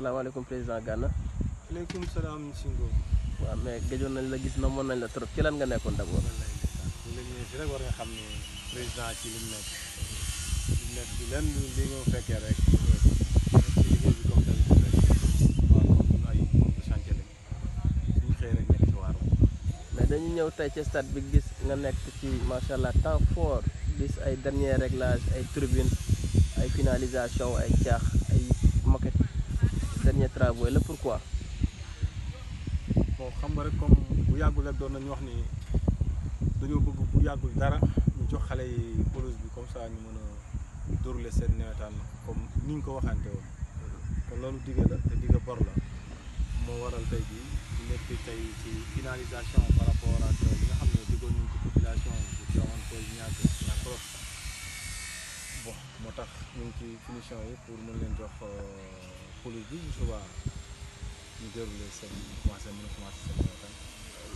asalaamaaleykum président Gana. maaleykum salaam Singo. waaw mais gëjoon nañ la gis na mën nañ la trop ci lan nga nekkoon d' abord. war xam ne président ci li mu nekk rek ci liggéey bi mais dañu ñëw tey ci stade bi gis nga nekk ci macha allah temps fort gis ay dernier réglage ay tribune ay finalisation ay caax signé travaux la pourquoi. xam nga rek comme bu yàggul rek doon nañu wax ni dañoo bëgg bu yàggul dara ñu jox xale yi pelouse bi comme ça ñu mën a dérouler seen nawetaan comme ni ko waxante woon kon loolu digga la te digga bor la moo waral tey jii nekk tey ci finalisation par rapport ak xam ne moo tax ñu ngi ci finition yi pour mën leen jox. Euh, xulu bi subaa ñu déroulé seen commencé mën a commencé seen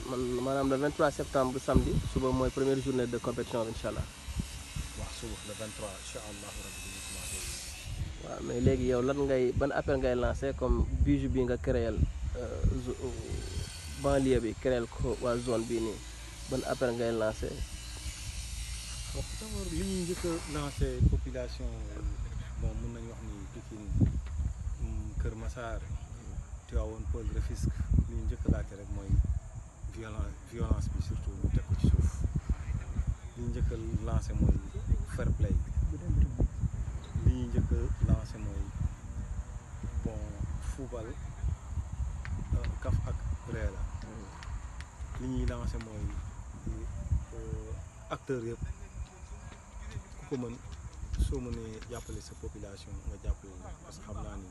man maanaam le 23 septembre samedi suba mooy première journée de compétition bi incha allah. waaw suba le 23 incha allah rabi bi ñu commencé. waaw mais léegi yow lan ngay ban appel ngay lancé comme bijou bi nga créel euh, euh, banlieue bi créel ko waa zone bii nii ban appel ngay lancé. waaw d'abord njëkk a lancé population. Wassare Tivaouane Peulh Rufisque li laajte rek mooy violence violence bi surtout mu teg ko ci suuf li ñu njëkk lancé mooy fair play bi li ñu njëkk lancé mooy bon football euh, kaf ak ree la li ñuy lancé mooy euh, acteurs yëpp ku ko mën soo mënee jàppale sa population nga jàppale parce que xam naa ni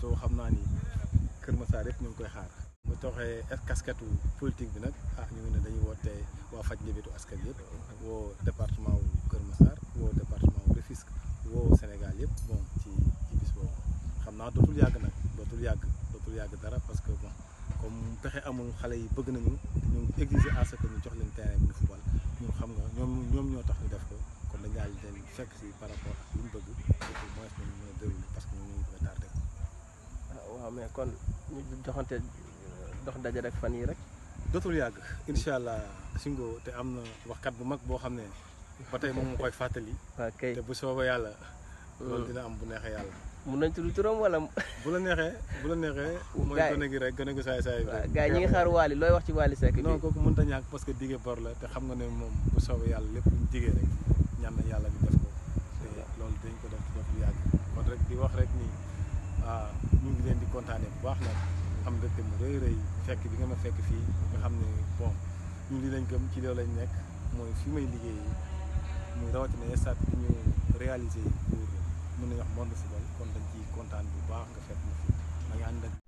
soo xam naa ni Kër Massar yëpp ñu ngi koy xaar. mu toxee casquette politique bi nag ah ñu ngi ne dañuy woote waa faj njëbitu askan yëpp ak woo département wu Kër Massar woo département wu Rufisque woo Sénégal yëpp bon ci ci bis boobu xam naa dootul yàgg nag dootul yàgg dootul yàgg dara parce que bon comme pexe amul xale yi bëgg nañu ñu ngi exiger à ce que ñu jox leen terrain bi ñu football ñun xam nga ñoom ñoom ñoo tax ñu def ko kon dañ daal leen fekk si par rapport ak li ñu bëgg au moins ñu mën a déroulé parce que ñoom ñoo ñu bëgg a waaw mais kon ñu joxante dox daje rek fan yii rek. dootul yàgg incha allah Singo te am na waxkat bu mag boo xam ne ba tey moom mu koy fàttali. te bu soobee yàlla. loolu mm. dina am bu neexee yàlla. mun nañ tudd turam wala. bu la neexee bu la neexee. mooy gone gi rek gone gu saay saay. waaw gars yi ngi xaar Waly looy wax ci Waly Seck. non kooku mënut a ñàkk parce bor la te xam nga ne moom bu soobee yàlla lépp lu rek. baax nag am mbégte mu rëy rëy fekk bi nga ma fekk fii nga xam ne bon ñun li lañ gëm ci loolu lañ nekk mooy fi may liggéey muy rawatina stade bi ñu réalisé pour mun nañu wax monde bal kon dañ ci kontaan bu baax nga fekk ma fi ma ngi ànd ak